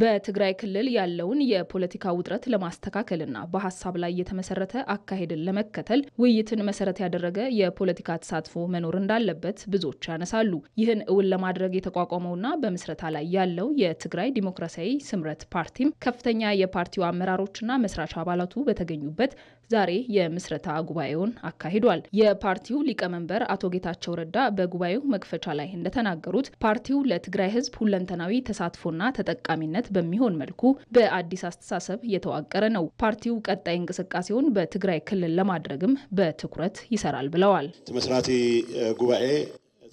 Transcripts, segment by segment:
በትግራይ ክልል ያለውን የፖለቲካ ውጥረት ለማስተካከልና በሀሳብ ላይ የተመሰረተ አካሄድን ለመከተል ውይይትን መሰረት ያደረገ የፖለቲካ ተሳትፎ መኖር እንዳለበት ብዙዎች ያነሳሉ። ይህን እውን ለማድረግ የተቋቋመውና በምስረታ ላይ ያለው የትግራይ ዲሞክራሲያዊ ስምረት ፓርቲም ከፍተኛ የፓርቲው አመራሮችና መስራች አባላቱ በተገኙበት ዛሬ የምስረታ ጉባኤውን አካሂዷል። የፓርቲው ሊቀመንበር አቶ ጌታቸው ረዳ በጉባኤው መክፈቻ ላይ እንደተናገሩት ፓርቲው ለትግራይ ሕዝብ ሁለንተናዊ ተሳትፎና ተጠቃሚነት በሚሆን መልኩ በአዲስ አስተሳሰብ የተዋቀረ ነው። ፓርቲው ቀጣይ እንቅስቃሴውን በትግራይ ክልል ለማድረግም በትኩረት ይሰራል ብለዋል። መስራቲ ጉባኤ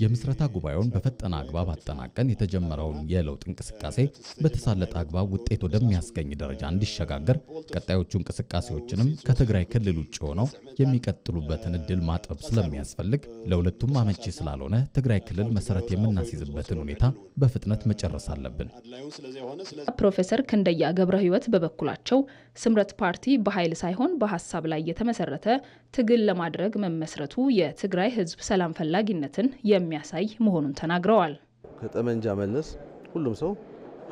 የምስረታ ጉባኤውን በፈጠነ አግባብ አጠናቀን የተጀመረውን የለውጥ እንቅስቃሴ በተሳለጠ አግባብ ውጤት ወደሚያስገኝ ደረጃ እንዲሸጋገር ቀጣዮቹ እንቅስቃሴዎችንም ከትግራይ ክልል ውጭ ሆነው የሚቀጥሉበትን እድል ማጠብ ስለሚያስፈልግ ለሁለቱም አመቺ ስላልሆነ ትግራይ ክልል መሰረት የምናስይዝበትን ሁኔታ በፍጥነት መጨረስ አለብን። ፕሮፌሰር ክንደያ ገብረ ሕይወት በበኩላቸው ስምረት ፓርቲ በኃይል ሳይሆን በሀሳብ ላይ የተመሰረተ ትግል ለማድረግ መመስረቱ የትግራይ ህዝብ ሰላም ፈላጊነትን የ የሚያሳይ መሆኑን ተናግረዋል። ከጠመንጃ መለስ ሁሉም ሰው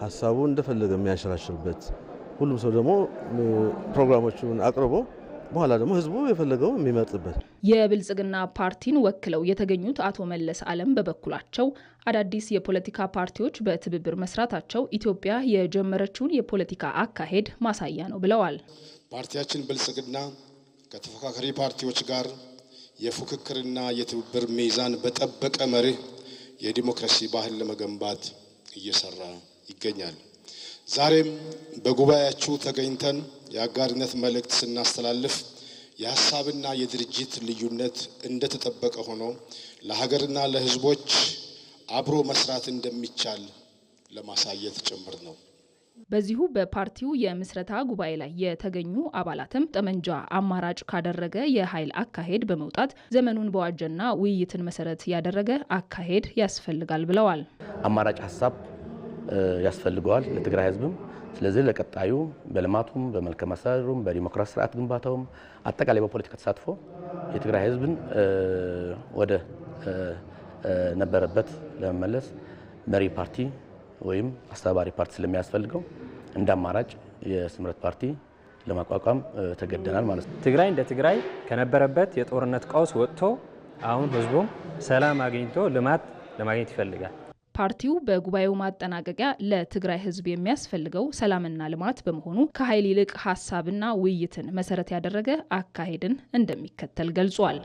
ሀሳቡ እንደፈለገ የሚያሸራሽርበት ሁሉም ሰው ደግሞ ፕሮግራሞቹን አቅርቦ በኋላ ደግሞ ህዝቡ የፈለገው የሚመርጥበት። የብልጽግና ፓርቲን ወክለው የተገኙት አቶ መለስ አለም በበኩላቸው አዳዲስ የፖለቲካ ፓርቲዎች በትብብር መስራታቸው ኢትዮጵያ የጀመረችውን የፖለቲካ አካሄድ ማሳያ ነው ብለዋል። ፓርቲያችን ብልጽግና ከተፎካካሪ ፓርቲዎች ጋር የፉክክርና የትብብር ሚዛን በጠበቀ መርህ የዲሞክራሲ ባህል ለመገንባት እየሰራ ይገኛል። ዛሬም በጉባኤያችሁ ተገኝተን የአጋርነት መልእክት ስናስተላልፍ የሀሳብና የድርጅት ልዩነት እንደተጠበቀ ሆኖ ለሀገርና ለሕዝቦች አብሮ መስራት እንደሚቻል ለማሳየት ጭምር ነው። በዚሁ በፓርቲው የምስረታ ጉባኤ ላይ የተገኙ አባላትም ጠመንጃ አማራጭ ካደረገ የኃይል አካሄድ በመውጣት ዘመኑን በዋጀና ውይይትን መሰረት ያደረገ አካሄድ ያስፈልጋል ብለዋል። አማራጭ ሀሳብ ያስፈልገዋል ለትግራይ ህዝብም። ስለዚህ ለቀጣዩ በልማቱም፣ በመልከ አስተዳደሩም፣ በዲሞክራሲ ስርዓት ግንባታውም አጠቃላይ በፖለቲካ ተሳትፎ የትግራይ ህዝብን ወደ ነበረበት ለመመለስ መሪ ፓርቲ ወይም አስተባባሪ ፓርቲ ስለሚያስፈልገው እንደ አማራጭ የስምረት ፓርቲ ለማቋቋም ተገደናል ማለት ነው። ትግራይ እንደ ትግራይ ከነበረበት የጦርነት ቀውስ ወጥቶ አሁን ህዝቡም ሰላም አግኝቶ ልማት ለማግኘት ይፈልጋል። ፓርቲው በጉባኤው ማጠናቀቂያ ለትግራይ ህዝብ የሚያስፈልገው ሰላምና ልማት በመሆኑ ከኃይል ይልቅ ሀሳብና ውይይትን መሰረት ያደረገ አካሄድን እንደሚከተል ገልጿል።